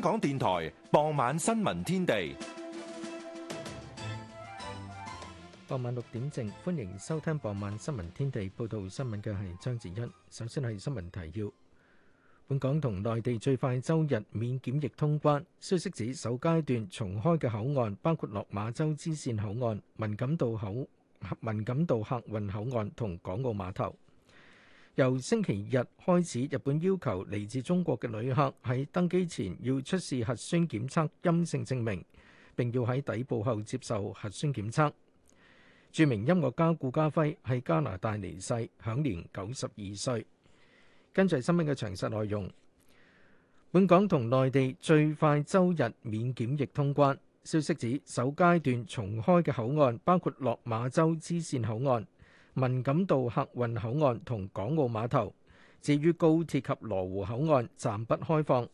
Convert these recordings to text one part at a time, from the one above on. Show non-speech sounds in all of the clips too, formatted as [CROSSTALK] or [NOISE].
香港電台傍晚新聞天地，傍晚六點正，歡迎收聽傍晚新聞天地。報道新聞嘅係張子欣。首先係新聞提要：本港同內地最快周日免檢疫通關。消息指首階段重開嘅口岸包括落馬洲支線口岸、文錦渡口、文錦渡客運口岸同港澳碼頭。由星期日開始，日本要求嚟自中國嘅旅客喺登機前要出示核酸檢測陰性證明，並要喺抵埗後接受核酸檢測。著名音樂家顧家輝喺加拿大離世，享年九十二歲。跟住新聞嘅詳細內容。本港同內地最快周日免檢疫通關。消息指首階段重開嘅口岸包括落馬洲支線口岸。文錦渡客運口岸同港澳碼頭，至於高鐵及羅湖口岸暫不開放。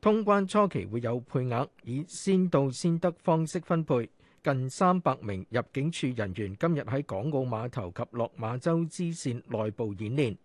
通關初期會有配額，以先到先得方式分配。近三百名入境處人員今日喺港澳碼頭及落馬洲支線內部演練。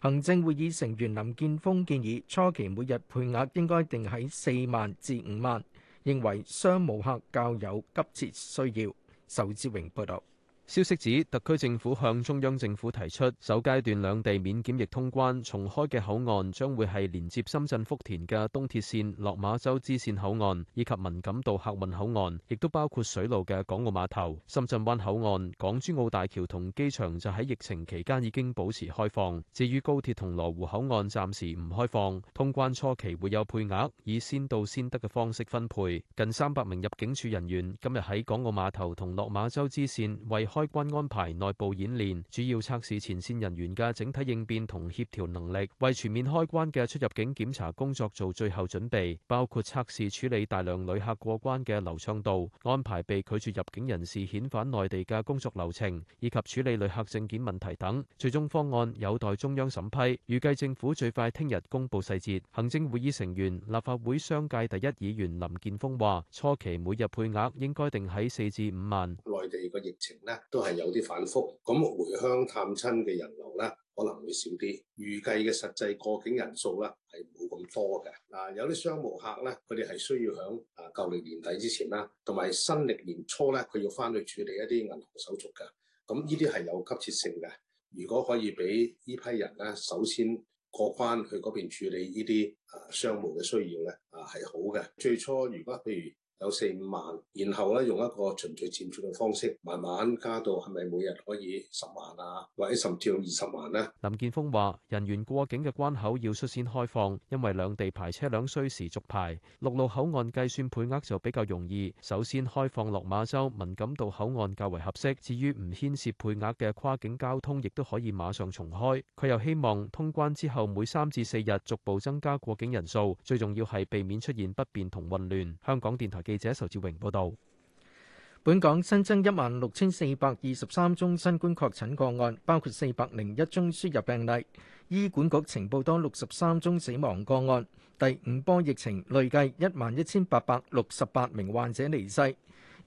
行政會議成員林健鋒建議初期每日配額應該定喺四萬至五萬，認為商務客較有急切需要。仇志榮報道。消息指，特區政府向中央政府提出，首階段兩地免檢疫通關重開嘅口岸，將會係連接深圳福田嘅東鐵綫落馬洲支綫口岸，以及文錦渡客運口岸，亦都包括水路嘅港澳碼頭、深圳灣口岸、港珠澳大橋同機場就喺疫情期間已經保持開放。至於高鐵同羅湖口岸暫時唔開放，通關初期會有配額，以先到先得嘅方式分配。近三百名入境處人員今日喺港澳碼頭同落馬洲支綫為開關安排內部演練，主要測試前線人員嘅整體應變同協調能力，為全面開關嘅出入境檢查工作做最後準備，包括測試處理大量旅客過關嘅流暢度，安排被拒絕入境人士遣返內地嘅工作流程，以及處理旅客證件問題等。最終方案有待中央審批，預計政府最快聽日公布細節。行政會議成員、立法會商界第一議員林建峰話：初期每日配額應該定喺四至五萬。內地個疫情呢。都係有啲反覆，咁回鄉探親嘅人流呢，可能會少啲，預計嘅實際過境人數呢，係冇咁多嘅。嗱，有啲商務客呢，佢哋係需要響啊舊年年底之前啦，同埋新歷年初呢，佢要翻去處理一啲銀行手續嘅。咁呢啲係有急切性嘅。如果可以俾呢批人呢，首先過關去嗰邊處理呢啲啊商務嘅需要呢，啊係好嘅。最初如果譬如，有四五萬，然後咧用一個循序漸進嘅方式，慢慢加到係咪每日可以十萬啊，或者甚至二十萬咧？林健鋒話：人員過境嘅關口要率先開放，因為兩地牌車輛需時續牌，陸路口岸計算配額就比較容易。首先開放落馬洲、文錦渡口岸較為合適。至於唔牽涉配額嘅跨境交通，亦都可以馬上重開。佢又希望通關之後每三至四日逐步增加過境人數，最重要係避免出現不便同混亂。香港電台。記者仇志榮報道，本港新增一萬六千四百二十三宗新冠確診個案，包括四百零一宗輸入病例。醫管局呈報多六十三宗死亡個案。第五波疫情累計一萬一千八百六十八名患者離世。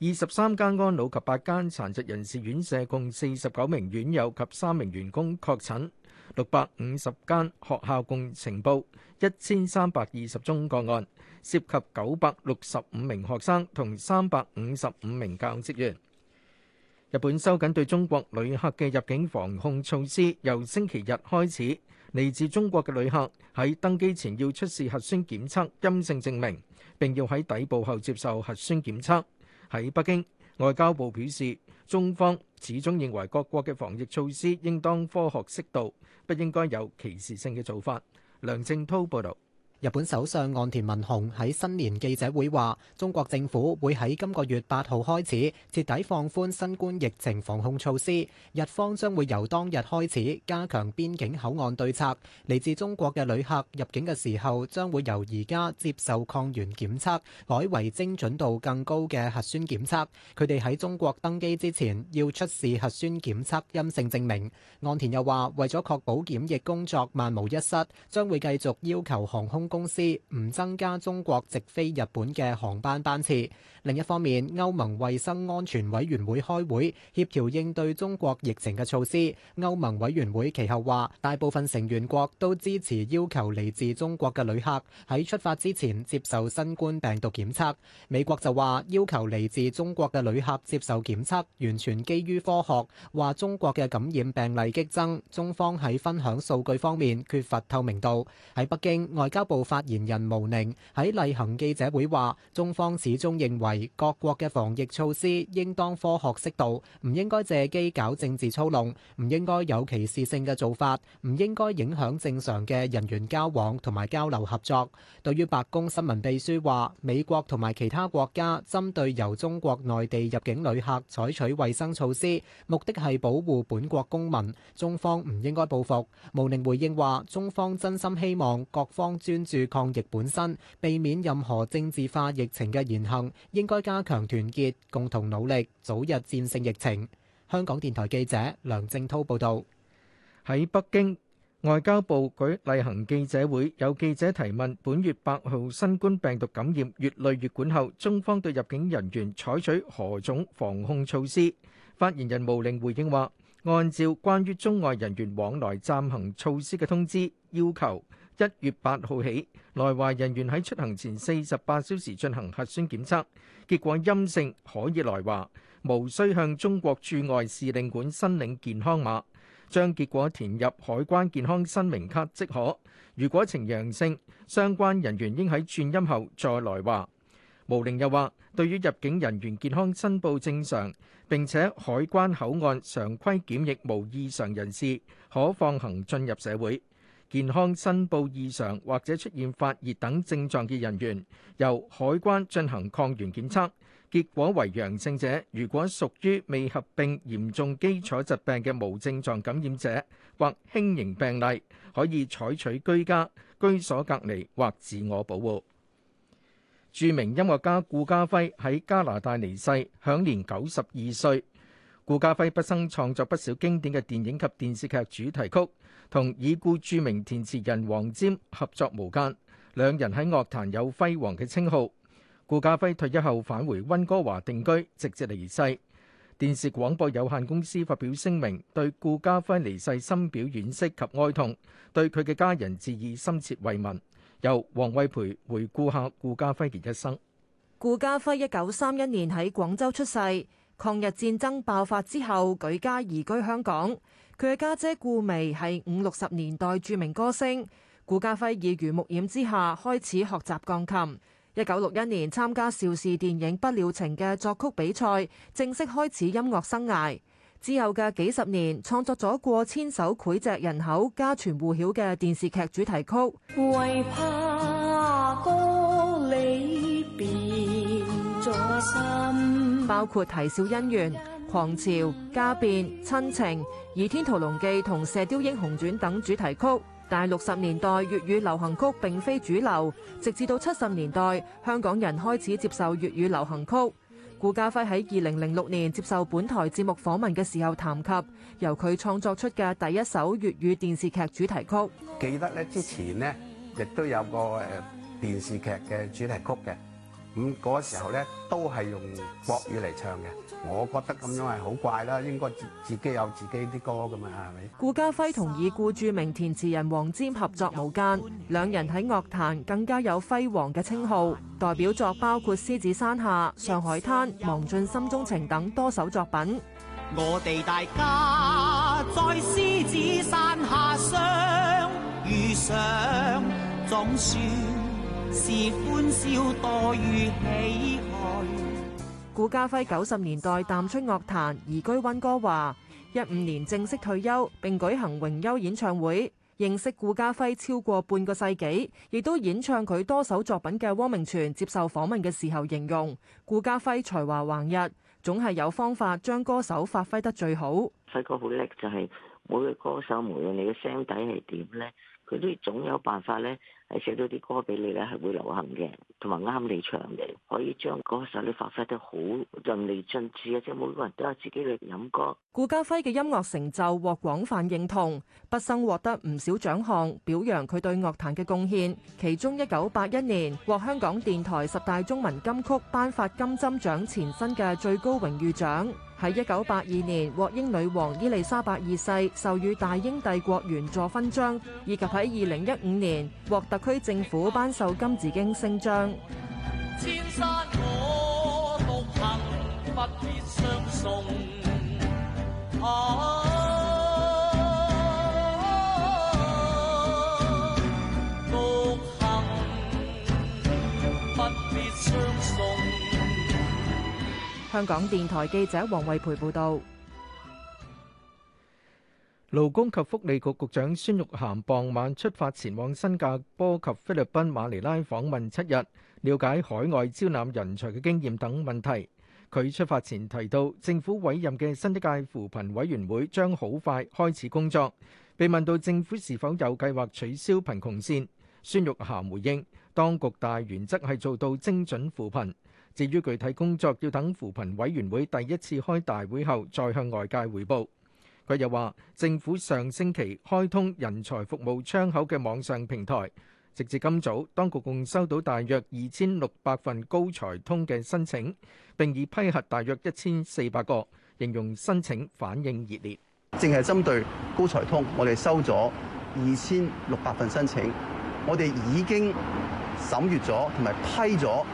二十三間安老及八間殘疾人士院舍共四十九名院友及三名員工確診。六百五十間學校共呈報一千三百二十宗個案，涉及九百六十五名學生同三百五十五名教職員。日本收緊對中國旅客嘅入境防控措施，由星期日開始，嚟自中國嘅旅客喺登機前要出示核酸檢測陰性證明，並要喺抵埗後接受核酸檢測。喺北京，外交部表示中方，始終認為各國嘅防疫措施應當科學適度，不應該有歧視性嘅做法。梁正濤報導。日本首相岸田文雄喺新年記者會話，中國政府會喺今個月八號開始徹底放寬新冠疫情防控措施。日方將會由當日開始加強邊境口岸對策，嚟自中國嘅旅客入境嘅時候將會由而家接受抗原檢測改為精準度更高嘅核酸檢測，佢哋喺中國登機之前要出示核酸檢測陰性證明。岸田又話為咗確保檢疫工作萬無一失，將會繼續要求航空公司唔增加中國直飛日本嘅航班班次。另一方面，歐盟衛生安全委員會開會協調應對中國疫情嘅措施。歐盟委員會其後話，大部分成員國都支持要求嚟自中國嘅旅客喺出發之前接受新冠病毒檢測。美國就話要求嚟自中國嘅旅客接受檢測，完全基於科學。話中國嘅感染病例激增，中方喺分享數據方面缺乏透明度。喺北京，外交部。發言人毛寧喺例行記者會話：中方始終認為各國嘅防疫措施應當科學適度，唔應該借機搞政治操弄，唔應該有歧視性嘅做法，唔應該影響正常嘅人員交往同埋交流合作。對於白宮新聞秘書話美國同埋其他國家針對由中國內地入境旅客採取衛生措施，目的係保護本國公民，中方唔應該報復。毛寧回應話：中方真心希望各方專。住抗疫本身，避免任何政治化疫情嘅言行，應該加強團結，共同努力，早日戰勝疫情。香港電台記者梁正濤報導。喺北京外交部舉例行記者會，有記者提問：本月八號新冠病毒感染乙類乙管後，中方對入境人員採取何種防控措施？發言人毛寧回應話：按照關於中外人員往來暫行措施嘅通知要求。一月八號起，來華人員喺出行前四十八小時進行核酸檢測，結果陰性可以來華，無需向中國駐外使領館申領健康碼，將結果填入海關健康申明卡即可。如果呈陽性，相關人員應喺轉陰後再來華。毛寧又話，對於入境人員健康申報正常，並且海關口岸常規檢疫無異常人士，可放行進入社會。健康申報異常或者出現發熱等症狀嘅人員，由海關進行抗原檢測，結果為陽性者，如果屬於未合併嚴重基礎疾病嘅無症狀感染者或輕型病例，可以採取居家、居所隔離或自我保護。著名音樂家顧嘉輝喺加拿大離世，享年九十二歲。顧嘉輝畢生創作不少經典嘅電影及電視劇主題曲。同已故著名填詞人黃霑合作無間，兩人喺樂壇有輝煌嘅稱號。顧嘉煇退休後返回溫哥華定居，直接離世。電視廣播有限公司發表聲明，對顧嘉煇離世深表惋惜及哀痛，對佢嘅家人致以深切慰問。由黃偉培回顧下顧嘉煇嘅一生。顧嘉煇一九三一年喺廣州出世，抗日戰爭爆發之後，舉家移居香港。佢嘅家姐顧媚係五六十年代著名歌星，顧嘉輝耳濡目染之下開始學習鋼琴。一九六一年參加邵氏電影《不了情》嘅作曲比賽，正式開始音樂生涯。之後嘅幾十年創作咗過千首膾炙人口、家傳戶曉嘅電視劇主題曲，歌裏變咗心，包括提《啼笑姻緣》。狂潮、家變、親情，《倚天屠龍記》同《射鵰英雄傳》等主題曲，但六十年代粵語流行曲並非主流，直至到七十年代，香港人開始接受粵語流行曲。顧嘉輝喺二零零六年接受本台節目訪問嘅時候談及，由佢創作出嘅第一首粵語電視劇主題曲，記得咧之前咧亦都有個誒電視劇嘅主題曲嘅，咁嗰時候咧都係用國語嚟唱嘅。我覺得咁樣係好怪啦，應該自自己有自己啲歌咁啊，係咪？顧嘉煇同已故著名填詞人黃霑合作無間，兩人喺樂壇更加有輝煌嘅稱號，代表作包括《獅子山下》、《上海灘》、《忘盡心中情》等多首作品。我哋大家在獅子山下相遇上，上總算是歡笑多於喜。顧嘉輝九十年代淡出樂壇，移居温哥華，一五年正式退休，並舉行榮休演唱會。認識顧嘉輝超過半個世紀，亦都演唱佢多首作品嘅汪明荃接受訪問嘅時候形容，顧嘉輝才華橫溢，總係有方法將歌手發揮得最好。細個好叻就係、是、每個歌手無論你嘅聲底係點咧，佢都總有辦法咧。係寫到啲歌俾你咧，係會流行嘅，同埋啱你唱嘅，可以將嗰首你發揮得好淋漓盡致嘅，即係每個人都有自己嘅感覺。顧家輝嘅音樂成就獲廣泛認同，畢生獲得唔少獎項，表揚佢對樂壇嘅貢獻。其中一九八一年獲香港電台十大中文金曲頒發金針獎前身嘅最高榮譽獎。喺一九八二年獲英女王伊麗莎白二世授予大英帝國員佐勳章，以及喺二零一五年獲特區政府頒授金紫荊星章。香港電台記者王慧培報道，勞工及福利局局長孫玉菡傍晚出發前往新加坡及菲律賓馬尼拉訪問七日，了解海外招攬人才嘅經驗等問題。佢出發前提到，政府委任嘅新一屆扶貧委員會將好快開始工作。被問到政府是否有計劃取消貧窮線，孫玉菡回應，當局大原則係做到精準扶貧。至於具體工作，要等扶貧委員會第一次開大會後再向外界彙報。佢又話：政府上星期開通人才服務窗口嘅網上平台，直至今早，當局共收到大約二千六百份高才通嘅申請，並已批核大約一千四百個，形容申請反應熱烈。淨係針對高才通，我哋收咗二千六百份申請，我哋已經審閱咗同埋批咗。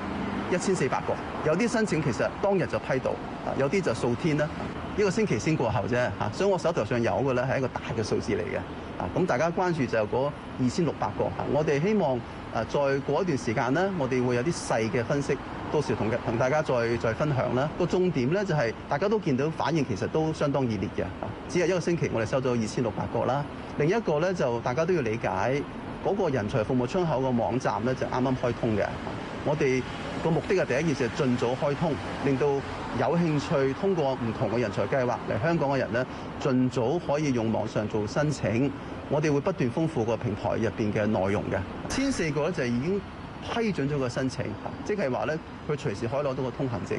一千四百個，有啲申請其實當日就批到，有啲就數天啦，一個星期先過後啫嚇，所以我手頭上有嘅咧係一個大嘅數字嚟嘅。啊，咁大家關注就嗰二千六百個，我哋希望啊再過一段時間呢，我哋會有啲細嘅分析，到時同同大家再再分享啦。個重點呢，就係大家都見到反應其實都相當熱烈嘅。只係一個星期，我哋收咗二千六百個啦。另一個呢，就大家都要理解嗰個人才服務窗口嘅網站呢，就啱啱開通嘅，我哋。個目的係第一件事係盡早開通，令到有興趣通過唔同嘅人才計劃嚟香港嘅人咧，盡早可以用網上做申請。我哋會不斷豐富個平台入邊嘅內容嘅。千四個就係已經批准咗個申請，即係話咧，佢隨時可以攞到個通行證。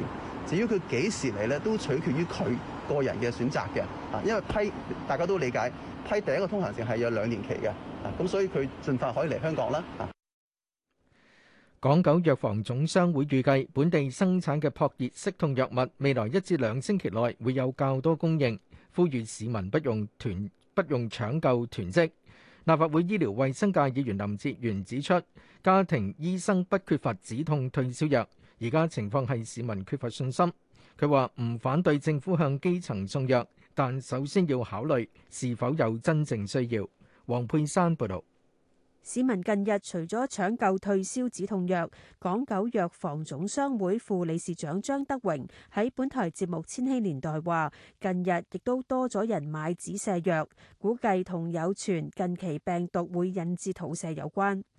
至於佢幾時嚟咧，都取決於佢個人嘅選擇嘅。啊，因為批大家都理解，批第一個通行證係有兩年期嘅。啊，咁所以佢盡快可以嚟香港啦。啊。港九藥房總商會預計，本地生產嘅撲熱息痛藥物未來一至兩星期內會有較多供應，呼籲市民不用囤，不用搶救囤積。立法會醫療衛生界議員林哲源指出，家庭醫生不缺乏止痛退燒藥，而家情況係市民缺乏信心。佢話唔反對政府向基層送藥，但首先要考慮是否有真正需要。黃佩珊報導。市民近日除咗搶購退燒止痛藥，港九藥房總商會副理事長張德榮喺本台節目《千禧年代》話：近日亦都多咗人買止瀉藥，估計同有傳近期病毒會引致吐瀉有關。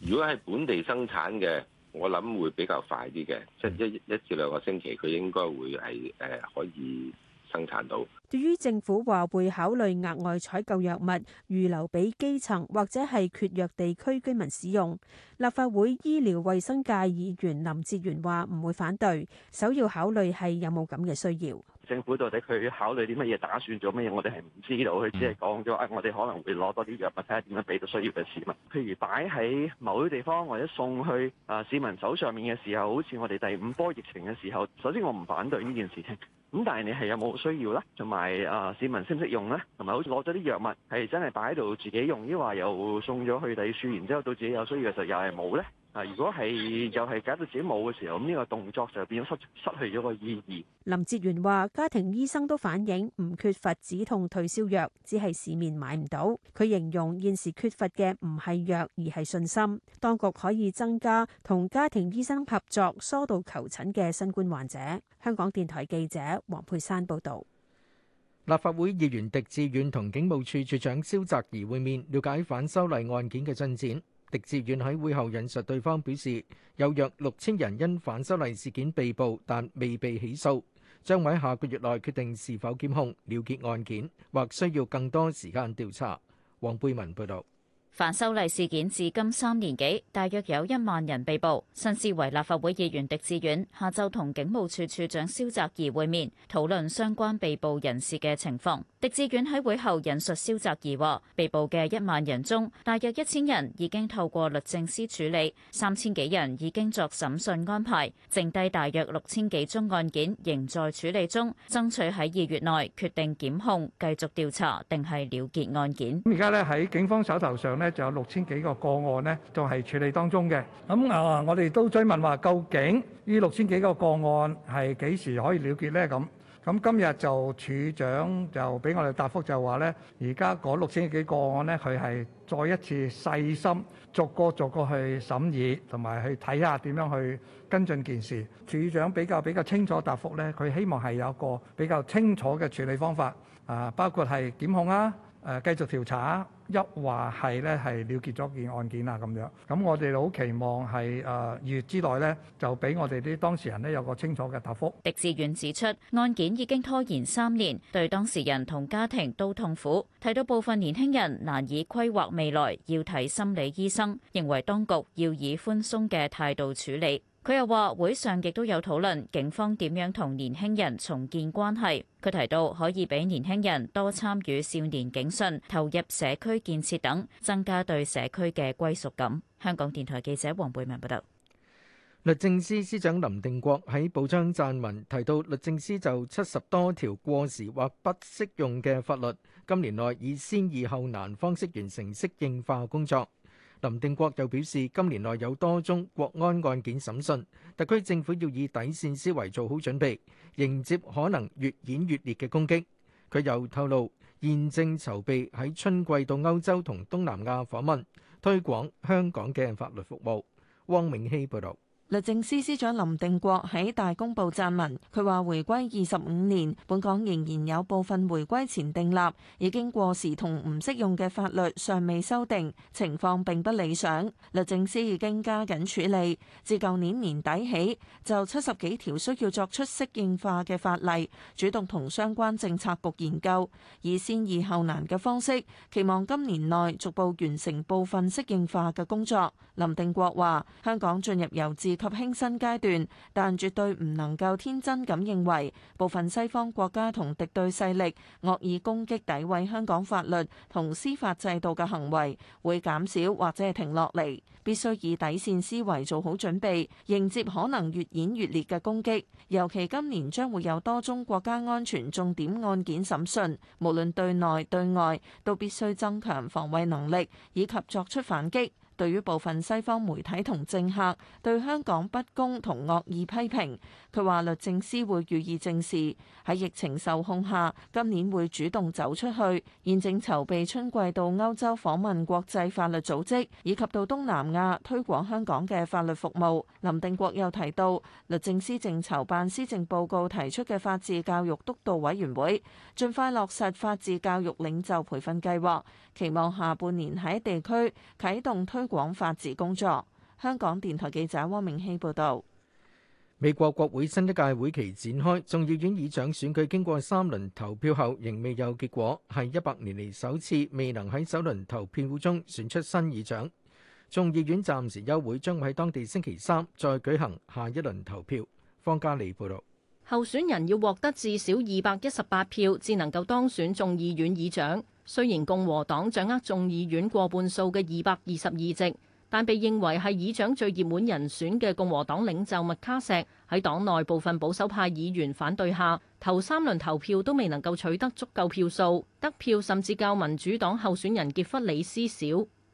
如果係本地生產嘅，我諗會比較快啲嘅，即係一一,一至兩個星期，佢應該會係誒、呃、可以生產到。對於政府話會考慮額外採購藥物，預留俾基層或者係缺藥地區居民使用，立法會醫療衞生界議員林哲玄話唔會反對，首要考慮係有冇咁嘅需要。政府到底佢考慮啲乜嘢、打算做乜嘢，我哋係唔知道。佢只係講咗啊，我哋可能會攞多啲藥物，睇下點樣俾到需要嘅市民。譬如擺喺某啲地方，或者送去啊、呃、市民手上面嘅時候，好似我哋第五波疫情嘅時候。首先我唔反對呢件事情，咁但係你係有冇需要咧？同埋啊市民識唔識用咧？同埋好似攞咗啲藥物係真係擺喺度自己用，抑或又送咗去第二處，然之後到自己有需要嘅時候，又係冇咧？啊！如果係又係搞到自己冇嘅時候，咁呢個動作就變咗失失去咗個意義。林哲元話：家庭醫生都反映唔缺乏止痛退燒藥，只係市面買唔到。佢形容現時缺乏嘅唔係藥，而係信心。當局可以增加同家庭醫生合作，疏導求診嘅新冠患者。香港電台記者黃佩珊報導。立法會議員狄志遠同警務處處處長蕭澤怡會面，了解反修例案件嘅進展。狄志遠喺會後引述對方表示，有約六千人因反修例事件被捕，但未被起訴。將喺下個月內決定是否檢控了結案件，或需要更多時間調查。黃貝文報道。反修例事件至今三年幾大約有一萬人被捕。新思維立法會議員狄志遠下晝同警務處處長蕭澤頤會面，討論相關被捕人士嘅情況，狄志遠喺會後引述蕭澤頤話被捕嘅一萬人中，大約一千人已經透過律政司處理，三千幾人已經作審訊安排，剩低大約六千幾宗案件仍在處理中，爭取喺二月內決定檢控、繼續調查定係了結案件。而家咧喺警方手頭上。呢就有六千幾個個案呢，仲係處理當中嘅。咁啊，我哋都追問話，究竟呢六千幾個個案係幾時可以了結呢？咁咁今日就處長就俾我哋答覆，就話呢，而家嗰六千幾個個案呢，佢係再一次細心逐個逐個去審議，同埋去睇下點樣去跟進件事。處長比較比較清楚答覆呢，佢希望係有個比較清楚嘅處理方法啊，包括係檢控啊。誒繼續調查，一話係咧係了結咗件案件啊，咁樣，咁我哋好期望係呃二月之內呢就俾我哋啲當事人呢有個清楚嘅答覆。狄志遠指出，案件已經拖延三年，對當事人同家庭都痛苦。睇到部分年輕人難以規劃未來，要睇心理醫生，認為當局要以寬鬆嘅態度處理。佢又話：會上亦都有討論警方點樣同年輕人重建關係。佢提到可以俾年輕人多參與少年警訊、投入社區建設等，增加對社區嘅歸屬感。香港電台記者黃貝文報道。律政司司長林定國喺報章撰文提到，律政司就七十多條過時或不適用嘅法律，今年內以先易後難方式完成適應化工作。林定國又表示，今年內有多宗國安案件審訊，特區政府要以底線思維做好準備，迎接可能越演越烈嘅攻擊。佢又透露，現正籌備喺春季到歐洲同東南亞訪問，推廣香港嘅法律服務。汪永熙報導。律政司司長林定國喺大公報撰文，佢話回歸二十五年，本港仍然有部分回歸前訂立、已經過時同唔適用嘅法律尚未修訂，情況並不理想。律政司已經加緊處理，自舊年年底起，就七十幾條需要作出適應化嘅法例，主動同相關政策局研究，以先易後難嘅方式，期望今年內逐步完成部分適應化嘅工作。林定國話：香港進入由治及輕新階段，但絕對唔能夠天真咁認為部分西方國家同敵對勢力惡意攻擊、詆毀香港法律同司法制度嘅行為會減少或者係停落嚟。必須以底線思維做好準備，迎接可能越演越烈嘅攻擊。尤其今年將會有多宗國家安全重點案件審訊，無論對內對外，都必須增強防衛能力以及作出反擊。對於部分西方媒體同政客對香港不公同惡意批評，佢話律政司會予以正視。喺疫情受控下，今年會主動走出去，現正籌備春季到歐洲訪問國際法律組織，以及到東南亞推廣香港嘅法律服務。林定國又提到，律政司正籌辦施政報告提出嘅法治教育督導委員會，盡快落實法治教育領袖培訓計劃，期望下半年喺地區啓動推。廣法治工作。香港電台記者汪明希報道。美國國會新一屆會期展開，眾議院議長選舉經過三輪投票後仍未有結果，係一百年嚟首次未能喺首輪投票中選出新議長。眾議院暫時休會，將會喺當地星期三再舉行下一輪投票。方嘉莉報道。候選人要獲得至少二百一十八票，至能夠當選眾議院議長。雖然共和黨掌握眾議院過半數嘅二百二十二席，但被認為係議長最熱門人選嘅共和黨領袖麥卡錫喺黨內部分保守派議員反對下，頭三輪投票都未能夠取得足夠票數，得票甚至較民主黨候選人傑弗里斯少。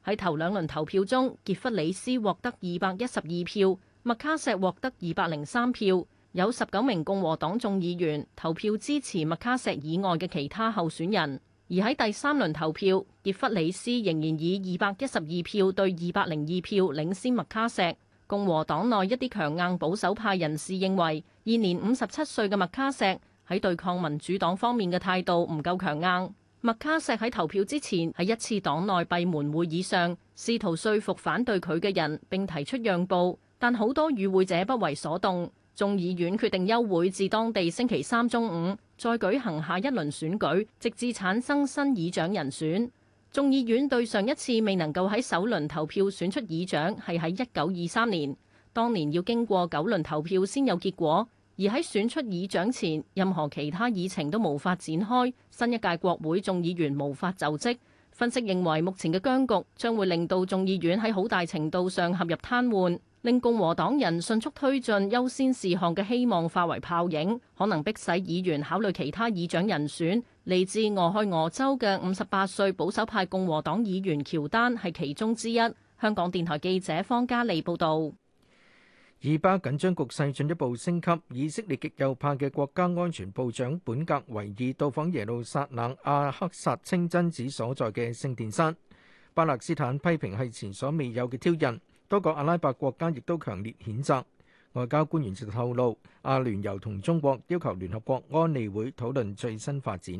喺頭兩輪投票中，傑弗里斯獲得二百一十二票，麥卡錫獲得二百零三票，有十九名共和黨眾議員投票支持麥卡錫以外嘅其他候選人。而喺第三輪投票，傑弗里斯仍然以二百一十二票對二百零二票領先麥卡錫。共和黨內一啲強硬保守派人士認為，現年五十七歲嘅麥卡錫喺對抗民主黨方面嘅態度唔夠強硬。麥卡錫喺投票之前喺一次黨內閉門會議上，試圖說服反對佢嘅人並提出讓步，但好多與會者不為所動。眾議院決定休會至當地星期三中午。再舉行下一輪選舉，直至產生新議長人選。眾議院對上一次未能夠喺首輪投票選出議長，係喺一九二三年，當年要經過九輪投票先有結果，而喺選出議長前，任何其他議程都無法展開，新一屆國會眾議員無法就職。分析認為，目前嘅僵局將會令到眾議院喺好大程度上陷入癱瘓。令共和黨人迅速推進優先事項嘅希望化為泡影，可能迫使議員考慮其他議長人選。嚟自俄亥俄州嘅五十八歲保守派共和黨議員喬丹係其中之一。香港電台記者方嘉利報道。以巴緊張局勢進一步升級，以色列極右派嘅國家安全部長本格維爾到訪耶路撒冷阿克薩清真寺所在嘅聖殿山，巴勒斯坦批評係前所未有嘅挑釁。多個阿拉伯國家亦都強烈譴責。外交官員就透露，阿聯酋同中國要求聯合國安理會討論最新發展。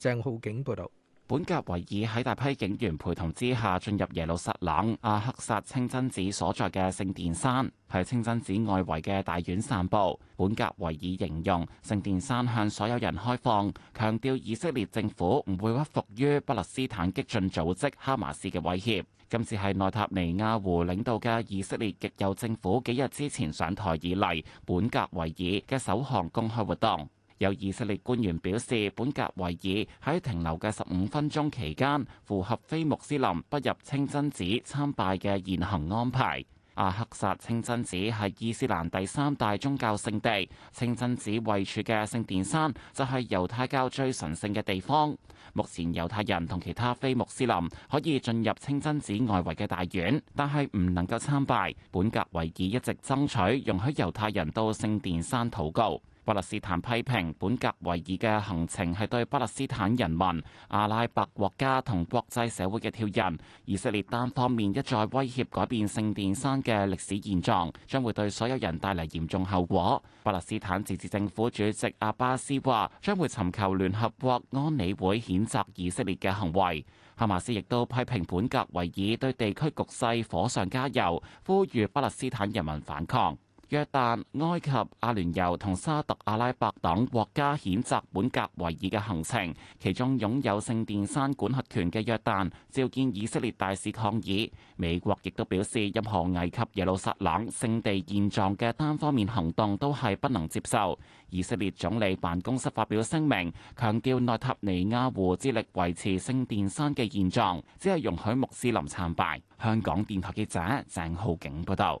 鄭浩景報導。本格維爾喺大批警員陪同之下進入耶路撒冷阿克薩清真寺所在嘅聖殿山，喺清真寺外圍嘅大院散步。本格維爾形容聖殿山向所有人開放，強調以色列政府唔會屈服於巴勒斯坦激進組組織哈馬斯嘅威脅。今次係內塔尼亞胡領導嘅以色列極右政府幾日之前上台以嚟，本格維爾嘅首項公開活動。有以色列官員表示，本格維爾喺停留嘅十五分鐘期間，符合非穆斯林不入清真寺參拜嘅現行安排。阿克薩清真寺係伊斯蘭第三大宗教聖地，清真寺位處嘅聖殿山就係猶太教最神聖嘅地方。目前猶太人同其他非穆斯林可以進入清真寺外圍嘅大院，但係唔能夠參拜。本格維爾一直爭取容許猶太人到聖殿山禱告。巴勒斯坦批評本格維爾嘅行程係對巴勒斯坦人民、阿拉伯國家同國際社會嘅挑釁。以色列單方面一再威脅改變聖殿山嘅歷史現狀，將會對所有人帶嚟嚴重後果。巴勒斯坦自治政府主席阿巴斯話將會尋求聯合國安理會譴責以色列嘅行為，哈馬斯亦都批評本格維爾對地區局勢火上加油，呼籲巴勒斯坦人民反抗。約旦、埃及、阿聯酋同沙特阿拉伯等國家譴責本格維爾嘅行程，其中擁有聖殿山管轄權嘅約旦召見以色列大使抗議。美國亦都表示，任何危及耶路撒冷聖地現狀嘅單方面行動都係不能接受。以色列總理辦公室發表聲明，強調內塔尼亞胡致力維持聖殿山嘅現狀，只係容許穆斯林參拜。香港電台記者鄭浩景報道。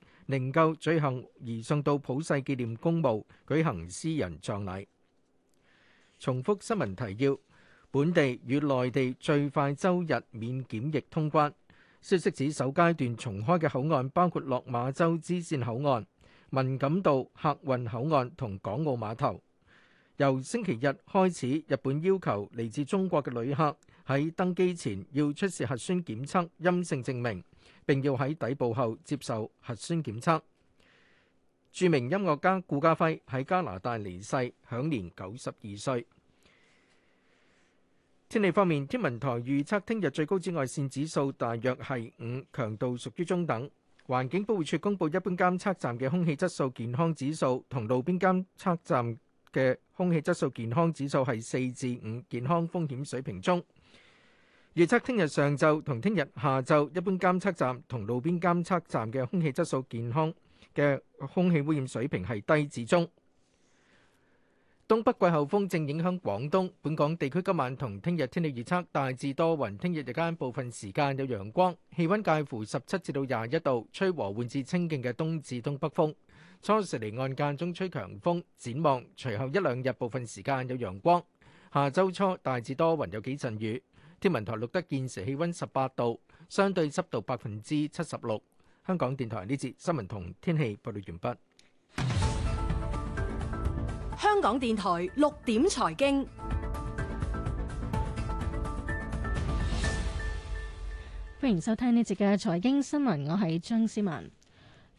靈柩最後移送到普世紀念公墓，舉行私人葬禮。重複新聞提要：本地與內地最快週日免檢疫通關。消息指首階段重開嘅口岸包括落馬洲支線口岸、文錦渡客運口岸同港澳碼頭。由星期日開始，日本要求嚟自中國嘅旅客喺登機前要出示核酸檢測陰性證明。一定要喺抵埗後接受核酸檢測。著名音樂家顧嘉煇喺加拿大離世，享年九十二歲。天氣方面，天文台預測聽日最高紫外線指數大約係五，強度屬於中等。環境保護署公布一般監測站嘅空氣質素健康指數同路邊監測站嘅空氣質素健康指數係四至五，健康風險水平中。預測聽日上晝同聽日下晝，一般監測站同路邊監測站嘅空氣質素健康嘅空氣污染水平係低至中。東北季候風正影響廣東本港地區，今晚同聽日天氣預測大致多雲，聽日日間部分時間有陽光，氣温介乎十七至到廿一度，吹和緩至清勁嘅東至東北風。初時離岸間中吹強風，展望隨後一兩日部分時間有陽光，下周初大致多雲，有幾陣雨。天文台錄得現時氣溫十八度，相對濕度百分之七十六。香港電台呢節新聞同天氣報道完畢。香港電台六點財經，歡迎收聽呢節嘅財經新聞，我係張思文。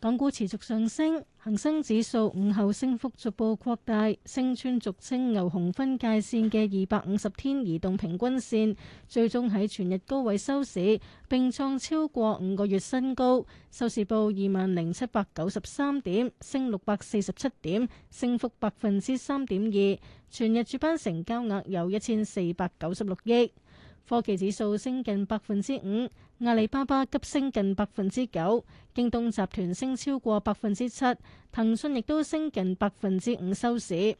港股持續上升，恒生指數午後升幅逐步擴大，升穿俗稱牛熊分界線嘅二百五十天移動平均線，最終喺全日高位收市，並創超過五個月新高，收市報二萬零七百九十三點，升六百四十七點，升幅百分之三點二。全日主板成交額有一千四百九十六億，科技指數升近百分之五。阿里巴巴急升近百分之九，京東集團升超過百分之七，騰訊亦都升近百分之五收市。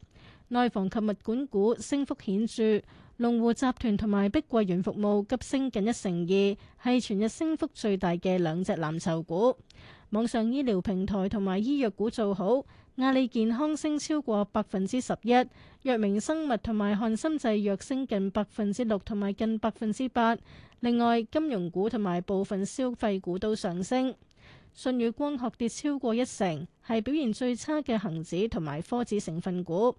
內房及物管股升幅顯著，龍湖集團同埋碧桂園服務急升近一成二，係全日升幅最大嘅兩隻藍籌股。網上醫療平台同埋醫藥股做好。阿里健康升超過百分之十一，藥明生物同埋漢森製藥升近百分之六，同埋近百分之八。另外，金融股同埋部分消費股都上升。舜宇光學跌超過一成，係表現最差嘅恒指同埋科指成分股。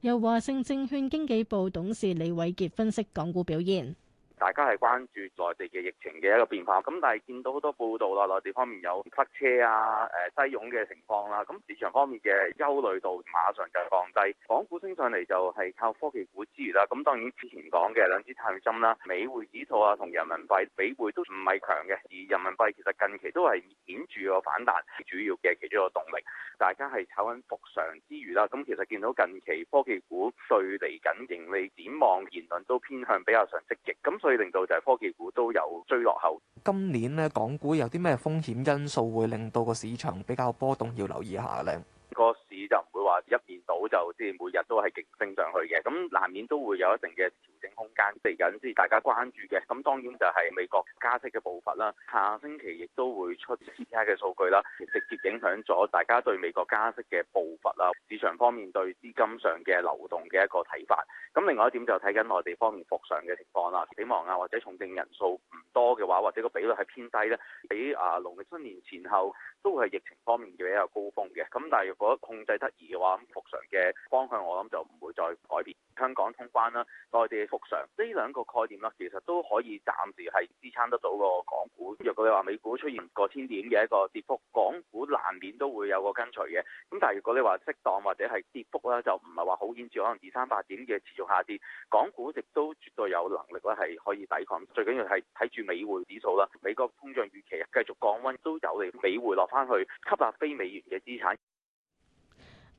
由華盛證券經紀部董事李偉杰分析港股表現。大家係關注內地嘅疫情嘅一個變化，咁但係見到好多報道啦，內地方面有塞車啊、誒擠擁嘅情況啦，咁市場方面嘅憂慮度馬上就降低。港股升上嚟就係靠科技股之餘啦，咁當然之前講嘅兩支探針啦、美匯指數啊同人民幣比匯都唔係強嘅，而人民幣其實近期都係顯著個反彈主要嘅其中一個動力。大家係炒緊復常之餘啦，咁其實見到近期科技股對嚟緊盈利展望言論都偏向比較上積極，咁。所以令到就係科技股都有追落後。今年咧，港股有啲咩風險因素會令到個市場比較波動，要留意下咧？個市就話一面倒就即係每日都係急升上去嘅，咁難免都會有一定嘅調整空間，嚟緊即係大家關注嘅。咁當然就係美國加息嘅步伐啦，下星期亦都會出 CPI 嘅數據啦，直接影響咗大家對美國加息嘅步伐啦，市場方面對資金上嘅流動嘅一個睇法。咁另外一點就睇緊內地方面復常嘅情況啦，死亡啊或者重症人數唔多嘅話，或者個比率係偏低咧，比啊農曆新年前後都係疫情方面嘅比較高峰嘅。咁但係如果控制得宜話復常嘅方向，我諗就唔會再改變。香港通關啦，內地復常呢兩個概念啦，其實都可以暫時係支撐得到個港股。若果你話美股出現過千點嘅一個跌幅，港股難免都會有個跟隨嘅。咁但係如果你話適當或者係跌幅咧，就唔係話好顯著，可能二三百點嘅持續下跌，港股亦都絕對有能力咧係可以抵抗。最緊要係睇住美匯指數啦，美國通脹預期繼續降溫，都有利美匯落翻去吸納非美元嘅資產。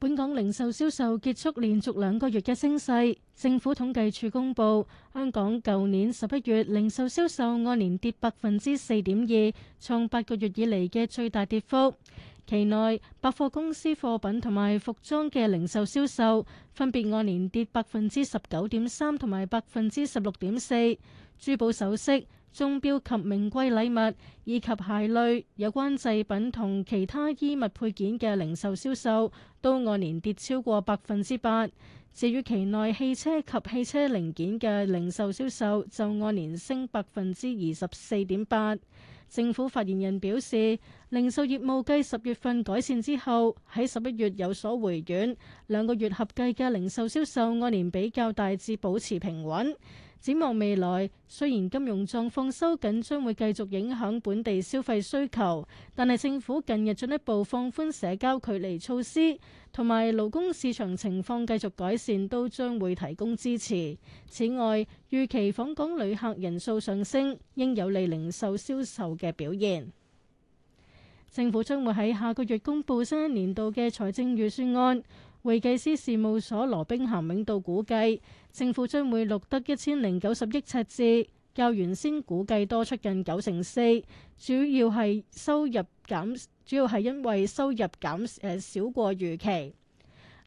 本港零售銷售結束連續兩個月嘅升勢，政府統計處公布，香港舊年十一月零售銷售按年跌百分之四點二，創八個月以嚟嘅最大跌幅。期內，百貨公司貨品同埋服裝嘅零售銷售分別按年跌百分之十九點三同埋百分之十六點四，珠寶首飾、鐘錶及名貴禮物以及鞋類有關製品同其他衣物配件嘅零售銷售都按年跌超過百分之八，至於期內汽車及汽車零件嘅零售銷售就按年升百分之二十四點八。政府發言人表示，零售業務繼十月份改善之後，喺十一月有所回軟，兩個月合計嘅零售銷售按年比較大致保持平穩。展望未來，雖然金融狀況收緊將會繼續影響本地消費需求，但係政府近日進一步放寬社交距離措施，同埋勞工市場情況繼續改善，都將會提供支持。此外，預期訪港旅客人數上升，應有利零售銷售嘅表現。政府將會喺下個月公布新一年度嘅財政預算案。會計師事務所羅兵咸永道估計，政府將會錄得一千零九十億赤字，較原先估計多出近九成四，主要係收入減，主要係因為收入減誒少過預期。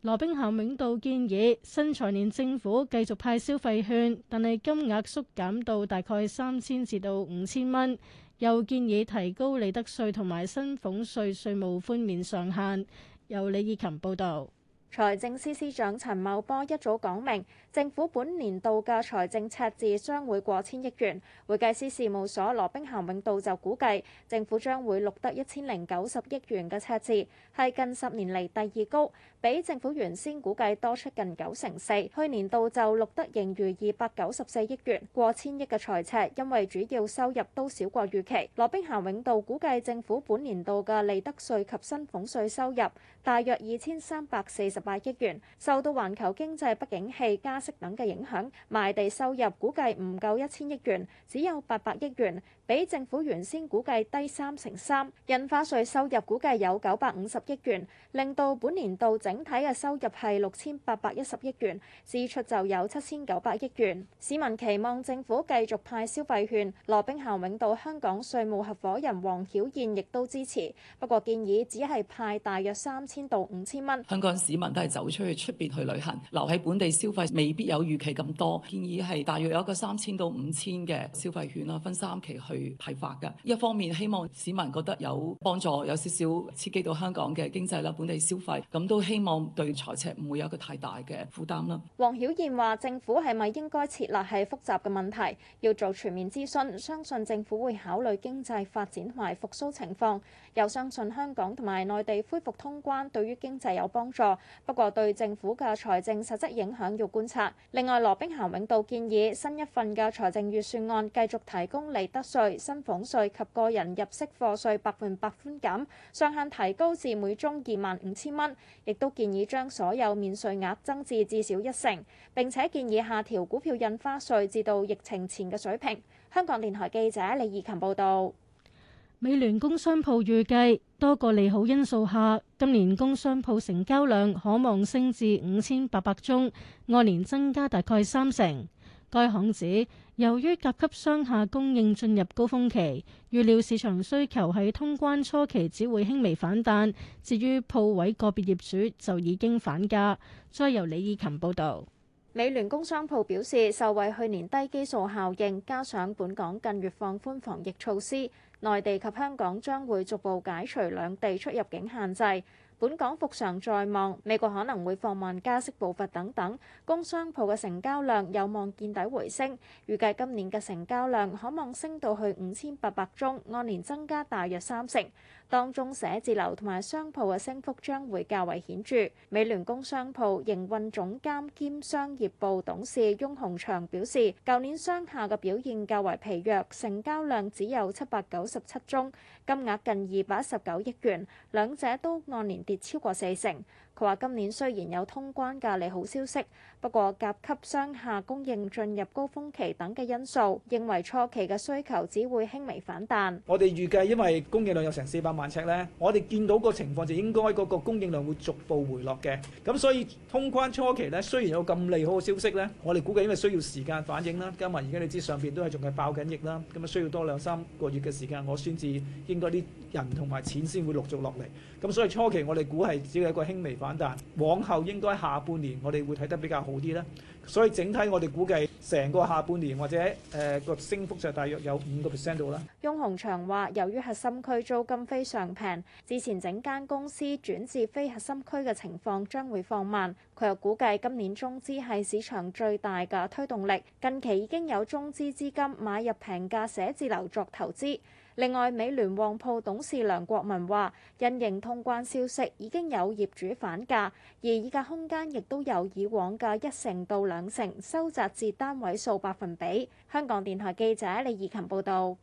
羅兵咸永道建議，新財年政府繼續派消費券，但係金額縮減到大概三千至到五千蚊，又建議提高利得稅同埋薪俸稅稅務寬免上限。由李以琴報道。財政司司長陳茂波一早講明，政府本年度嘅財政赤字將會過千億元。會計師事務所羅兵咸永道就估計，政府將會錄得一千零九十億元嘅赤字，係近十年嚟第二高，比政府原先估計多出近九成四。去年度就錄得盈餘二百九十四億元，過千億嘅財赤，因為主要收入都少過預期。羅兵咸永道估計，政府本年度嘅利得稅及薪俸稅收入。大約二千三百四十八億元，受到環球經濟不景氣、加息等嘅影響，賣地收入估計唔夠一千億元，只有八百億元，比政府原先估計低三成三。印花稅收入估計有九百五十億元，令到本年度整體嘅收入係六千八百一十億元，支出就有七千九百億元。市民期望政府繼續派消費券，羅兵咸永道香港稅務合伙人黃曉燕亦都支持，不過建議只係派大約三千到五千蚊，香港市民都係走出去出邊去旅行，留喺本地消費未必有預期咁多。建議係大約有一個三千到五千嘅消費券啦，分三期去派發嘅。一方面希望市民覺得有幫助，有少少刺激到香港嘅經濟啦，本地消費。咁都希望對財赤唔會有一個太大嘅負擔啦。黃曉燕話：政府係咪應該設立係複雜嘅問題，要做全面諮詢？相信政府會考慮經濟發展同埋復甦情況，又相信香港同埋內地恢復通關。對於經濟有幫助，不過對政府嘅財政實質影響要觀察。另外，羅兵咸永道建議新一份嘅財政預算案繼續提供利得稅、薪俸稅及個人入息課稅百分百寬減上限提高至每宗二萬五千蚊，亦都建議將所有免稅額增至至少一成，並且建議下調股票印花稅至到疫情前嘅水平。香港電台記者李怡勤報道。美聯工商鋪預計，多個利好因素下，今年工商鋪成交量可望升至五千八百宗，按年增加大概三成。該行指，由於甲級商廈供應進入高峰期，預料市場需求喺通關初期只會輕微反彈。至於鋪位個別業主就已經反價，再由李以琴報道。美聯工商鋪表示，受惠去年低基數效應，加上本港近月放寬防疫措施。內地及香港將會逐步解除兩地出入境限制，本港復常在望，美國可能會放慢加息步伐等等，工商鋪嘅成交量有望見底回升，預計今年嘅成交量可望升到去五千八百宗，按年增加大約三成。當中寫字樓同埋商鋪嘅升幅將會較為顯著。美聯工商鋪營運總監兼商業部董事翁洪祥表示，舊年商廈嘅表現較為疲弱，成交量只有七百九十七宗，金額近二百一十九億元，兩者都按年跌超過四成。佢話今年雖然有通關嘅利好消息，不過甲級商下供應進入高峯期等嘅因素，認為初期嘅需求只會輕微反彈。我哋預計，因為供應量有成四百萬尺咧，我哋見到個情況就應該嗰個供應量會逐步回落嘅。咁所以通關初期咧，雖然有咁利好嘅消息咧，我哋估計因為需要時間反應啦。加埋而家你知上邊都係仲係爆緊疫啦，咁啊需要多兩三個月嘅時間，我先至應該啲人同埋錢先會陸續落嚟。咁所以初期我哋估係只係一個輕微。反彈，往後應該下半年我哋會睇得比較好啲啦。所以整體我哋估計成個下半年或者誒個、呃、升幅就大約有五個 percent 到啦。翁鴻翔話：由於核心區租金非常平，之前整間公司轉至非核心區嘅情況將會放慢。佢又估計今年中資係市場最大嘅推動力，近期已經有中資資金買入平價寫字樓作投資。另外，美聯旺鋪董事梁國文話，因應通關消息，已經有業主反價，而議價空間亦都由以往嘅一成到兩成收窄至單位數百分比。香港電台記者李怡琴報導。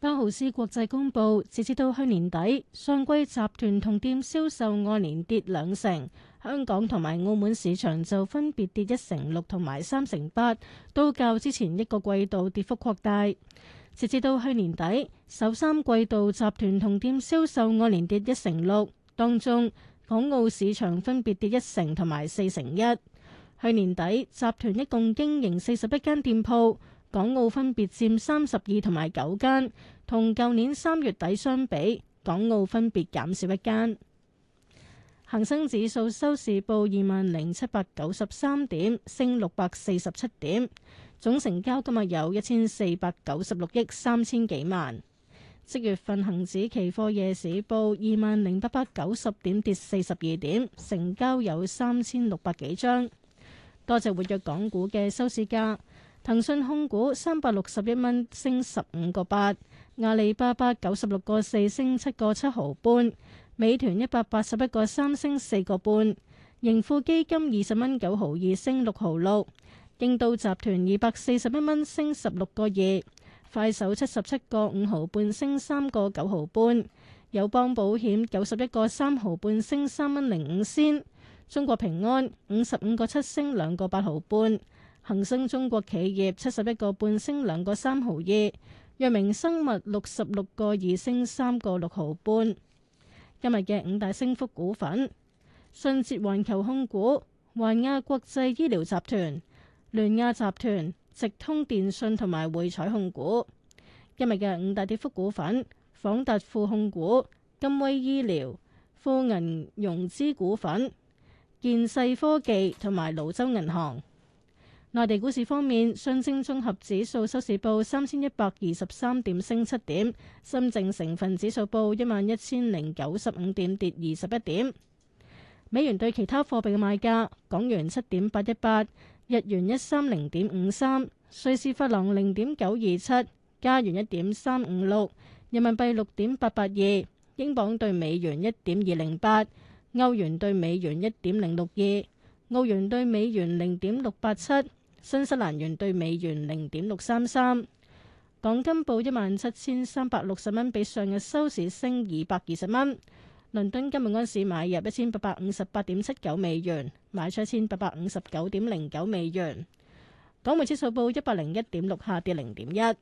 包豪斯國際公佈，截至到去年底，上季集團同店銷售按年跌兩成，香港同埋澳門市場就分別跌一成六同埋三成八，都較之前一個季度跌幅擴大。截至到去年底，首三季度集團同店銷售按年跌一成六，當中港澳市場分別跌一成同埋四成一。去年底集團一共經營四十一間店鋪，港澳分別佔三十二同埋九間，同舊年三月底相比，港澳分別減少一間。恒生指數收市報二萬零七百九十三點，升六百四十七點。總成交今日有一千四百九十六億三千幾萬。即月份恒指期貨夜市報二萬零八百九十點，跌四十二點，成交有三千六百幾張。多隻活躍港股嘅收市價：騰訊控股三百六十一蚊，升十五個八；阿里巴巴九十六個四，升七個七毫半；美團一百八十一個三，升四個半；盈富基金二十蚊九毫二，升六毫六。印度集團二百四十一蚊，升十六個二，快手七十七個五毫半，升三個九毫半，友邦保險九十一個三毫半，升三蚊零五仙，中國平安五十五個七，升兩個八毫半，恒生中國企業七十一個半，升兩個三毫二，藥明生物六十六個二，升三個六毫半。今日嘅五大升幅股份：信捷環球控股、環亞國際醫療集團。聯亞集團、直通電訊同埋匯彩控股。今日嘅五大跌幅股份：訪達富控股、金威醫療、富銀融資股份、建世科技同埋瀘州銀行。內 [LAUGHS] 地股市方面，上證綜合指數收市報三千一百二十三點，升七點；深證成分指數報一萬一千零九十五點，跌二十一點。美元對其他貨幣嘅賣價：港元七點八一八。日元一三零點五三，瑞士法郎零點九二七，加元一點三五六，人民幣六點八八二，英鎊兌美元一點二零八，歐元兌美元一點零六二，澳元兌美元零點六八七，新西蘭元兌美元零點六三三。港金報一萬七千三百六十蚊，比上日收市升二百二十蚊。倫敦今日安市買入一千八百五十八點七九美元，賣出一千八百五十九點零九美元。港匯指數報一百零一點六，下跌零點一。